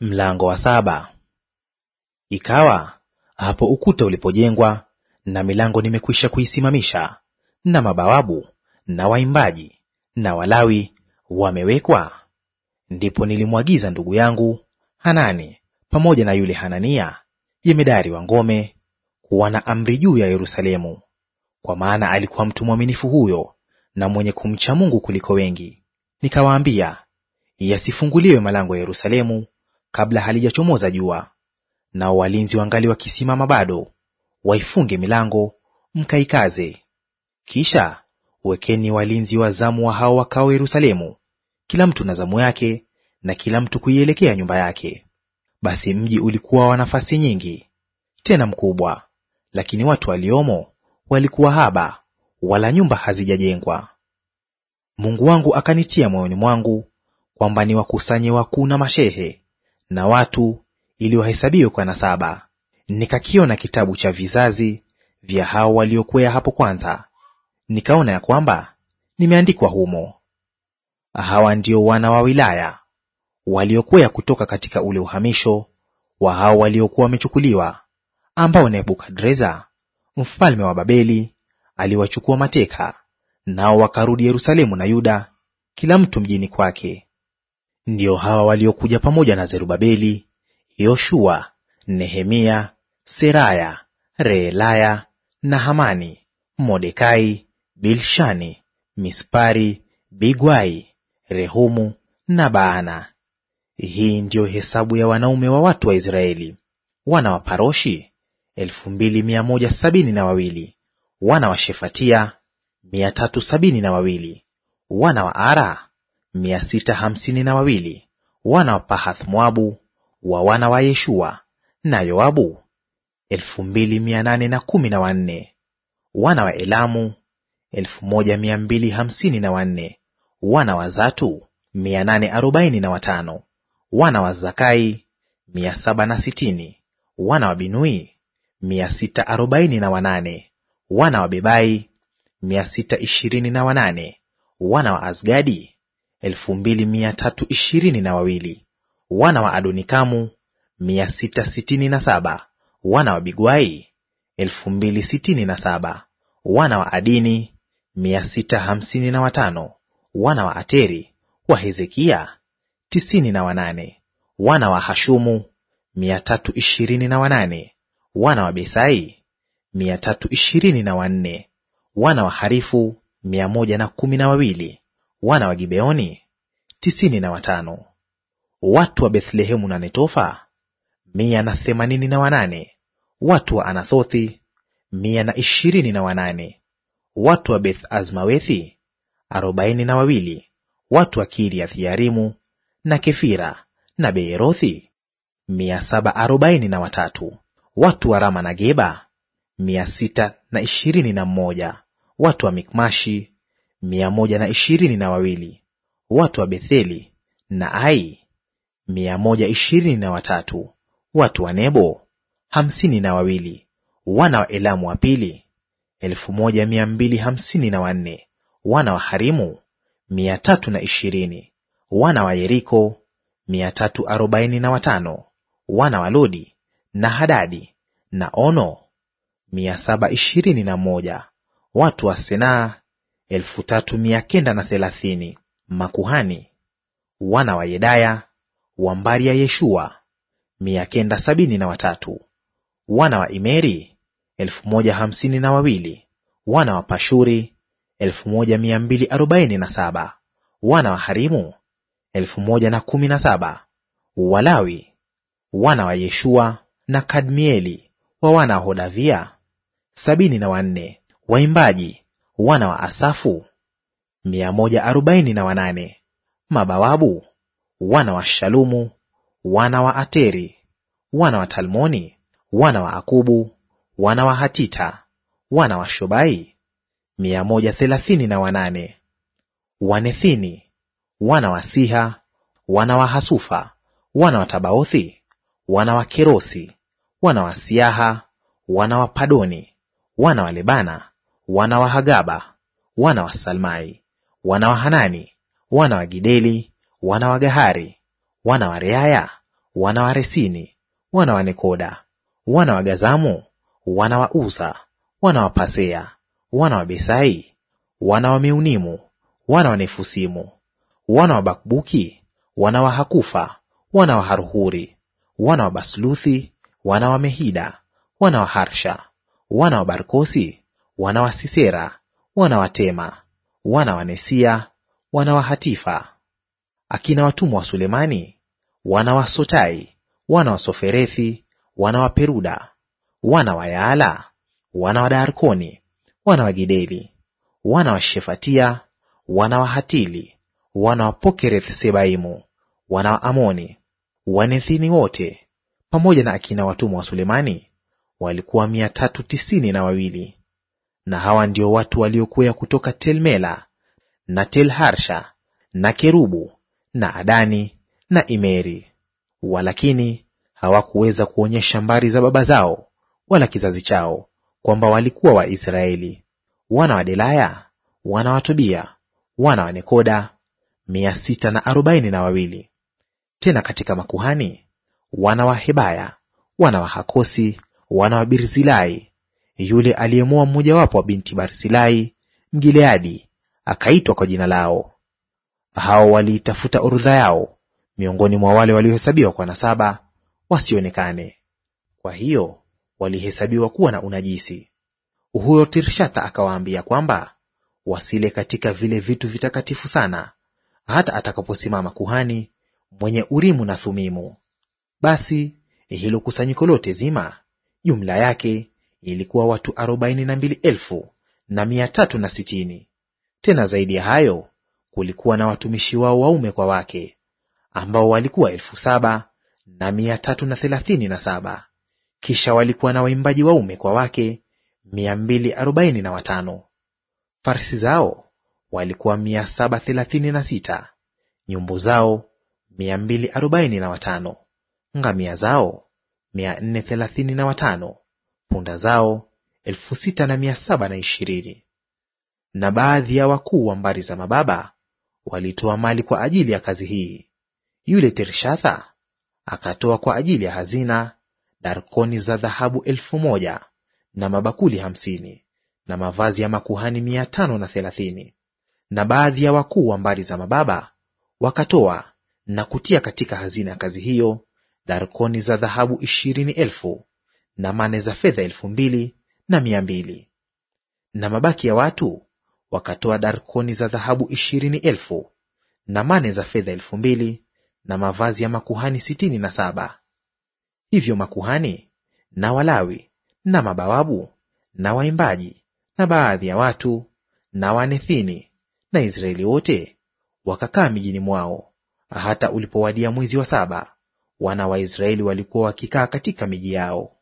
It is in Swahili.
Mlango wa saba. Ikawa hapo ukuta ulipojengwa na milango nimekwisha kuisimamisha, na mabawabu na waimbaji na Walawi wamewekwa, ndipo nilimwagiza ndugu yangu Hanani pamoja na yule Hanania jemedari wa ngome kuwa na amri juu ya Yerusalemu, kwa maana alikuwa mtu mwaminifu huyo na mwenye kumcha Mungu kuliko wengi. Nikawaambia, yasifunguliwe malango ya Yerusalemu kabla halijachomoza jua. Nao walinzi wangali wakisimama bado, waifunge milango, mkaikaze. Kisha wekeni walinzi wa zamu wa hao wakao Yerusalemu, kila mtu na zamu yake, na kila mtu kuielekea nyumba yake. Basi mji ulikuwa wa nafasi nyingi tena mkubwa, lakini watu waliomo walikuwa haba, wala nyumba hazijajengwa. Mungu wangu akanitia moyoni mwangu kwamba niwakusanye wakuu na mashehe na watu iliyohesabiwa kwa nasaba. Nikakiona kitabu cha vizazi vya hao waliokwea hapo kwanza, nikaona ya kwamba nimeandikwa humo, hawa ndio wana wa wilaya waliokwea kutoka katika ule uhamisho wa hao waliokuwa wamechukuliwa, ambao Nebukadreza mfalme wa Babeli aliwachukua mateka, nao wakarudi Yerusalemu na Yuda, kila mtu mjini kwake. Ndiyo hawa waliokuja pamoja na Zerubabeli, Yoshua, Nehemia, Seraya, Reelaya, Nahamani, modekai Bilshani, Mispari, Bigwai, Rehumu na Baana. Hii ndiyo hesabu ya wanaume wa watu wa Israeli. Wana wa Paroshi elfu mbili mia moja sabini na wawili. Wana wa Shefatia mia tatu sabini na wawili. Wana wa Ara mia sita hamsini na wawili wana wa Pahath Moabu wa wana wa Yeshua na Yoabu elfu mbili mia nane na kumi na wanne wana wa Elamu elfu moja mia mbili hamsini na wanne wana wa Zatu mia nane arobaini na watano wana wa Zakai mia saba na sitini wana wa Binui mia sita arobaini na wanane wana wa Bebai mia sita ishirini na wanane wana wa Azgadi elfu mbili mia tatu ishirini na wawili wana wa Adonikamu mia sita sitini na saba wana wa Bigwai elfu mbili sitini na saba wana wa Adini mia sita hamsini na watano wana wa Ateri wa Hezekia tisini na wanane wana wa Hashumu mia tatu ishirini na wanane wana wa Besai mia tatu ishirini na wanne wana wa Harifu mia moja na kumi na wawili wana wa Gibeoni tisini na watano, watu wa Bethlehemu na Netofa mia na themanini na wanane, watu wa Anathothi mia na ishirini na wanane, watu wa Beth Azmawethi arobaini na wawili, watu wa Kiriath Yearimu na Kefira na Beerothi mia saba arobaini na watatu, watu wa Rama na Geba mia sita na ishirini na mmoja, watu wa Mikmashi mia moja na ishirini na wawili watu wa Betheli na Ai mia moja ishirini na watatu watu wa Nebo hamsini na wawili wana wa Elamu wa pili elfu moja mia mbili hamsini na wanne wana wa Harimu mia tatu na ishirini wana wa Yeriko mia tatu arobaini na watano wana wa Lodi na Hadadi na Ono mia saba ishirini na moja watu wa Senaa elfu tatu mia kenda na thelathini. Makuhani wana wa Yedaya wa mbari ya Yeshua mia kenda sabini na watatu. Wana wa Imeri elfu moja hamsini na wawili. Wana wa Pashuri elfu moja mia mbili arobaini na saba. Wana wa Harimu elfu moja na kumi na saba. Walawi wana wa Yeshua na Kadmieli wa wana wa Hodavia sabini na wanne. Waimbaji Wana wa Asafu mia moja arobaini na wanane. Mabawabu wana wa Shalumu wana wa Ateri wana wa Talmoni wana wa Akubu wana wa Hatita wana wa Shobai mia moja thelathini na wanane. Wanethini wana wa Siha wana wa Hasufa wana wa Tabaothi wana wa Kerosi wana wa Siaha wana wa Padoni wana wa Lebana wana wa Hagaba, wana wa Salmai, wana wa Hanani, wana wa Gideli, wana wa Gahari, wana wa Reaya, wana wa Resini, wana wa Nekoda, wana wa Gazamu, wana wa Uza, wana wa Pasea, wana wa Besai, wana wa Meunimu, wana wa Nefusimu, wana wa Bakbuki, wana wa Hakufa, wana wa Harhuri, wana wa Basluthi, wana wa Mehida, wana wa Harsha, wana wa Barkosi, wana wa Sisera, wana wa Tema, wana wa Nesia, wana wa Hatifa. Akina watumwa wa Sulemani, wana wa Sotai, wana wa Soferethi, wana wa Peruda, wana wa Yaala, wana wa Darkoni, wana wa Gideli, wana wa Shefatia, wana wa Hatili, wana wa Pokereth Sebaimu, wana wa Amoni. Wanethini wote pamoja na akina watumwa wa Sulemani walikuwa mia tatu tisini na wawili. Na hawa ndio watu waliokuya kutoka Telmela na Telharsha na Kerubu na Adani na Imeri, walakini hawakuweza kuonyesha mbari za baba zao wala kizazi chao kwamba walikuwa Waisraeli. Wana wa Delaya wana wa Tobia wana wa Nekoda mia sita na arobaini na wawili. Tena katika makuhani wana wa Hebaya wana wa Hakosi wana wa Birzilai yule aliyemoa mmojawapo wa binti Barsilai Mgileadi, akaitwa kwa jina lao. Hao waliitafuta orodha yao miongoni mwa wale waliohesabiwa kwa nasaba, wasionekane; kwa hiyo walihesabiwa kuwa na unajisi. Huyo Tirshatha akawaambia kwamba wasile katika vile vitu vitakatifu sana, hata atakaposimama kuhani mwenye Urimu na Thumimu. Basi hilo kusanyiko lote zima, jumla yake ilikuwa watu arobaini na mbili elfu na mia tatu na sitini. Tena zaidi ya hayo kulikuwa na watumishi wao waume kwa wake ambao walikuwa elfu saba na mia tatu na thelathini na saba. Kisha walikuwa na waimbaji waume kwa wake mia mbili arobaini na watano. Farsi zao walikuwa mia saba thelathini na sita, nyumbu zao mia mbili arobaini na watano, ngamia zao mia nne thelathini na watano punda zao elfu sita na mia saba na ishirini. Na baadhi ya wakuu wa mbari za mababa walitoa mali kwa ajili ya kazi hii. Yule Tirshatha akatoa kwa ajili ya hazina darkoni za dhahabu elfu moja na mabakuli hamsini na mavazi ya makuhani mia tano na thelathini. Na baadhi ya wakuu wa mbari za mababa wakatoa na kutia katika hazina ya kazi hiyo darkoni za dhahabu ishirini elfu na mane za fedha elfu mbili na mia mbili. Na mabaki ya watu wakatoa darkoni za dhahabu ishirini elfu na mane za fedha elfu mbili na mavazi ya makuhani sitini na saba. Hivyo makuhani na Walawi na mabawabu na waimbaji na baadhi ya watu na Wanethini na Israeli wote wakakaa mijini mwao, hata ulipowadia mwezi wa saba, wana wa Israeli walikuwa wakikaa katika miji yao.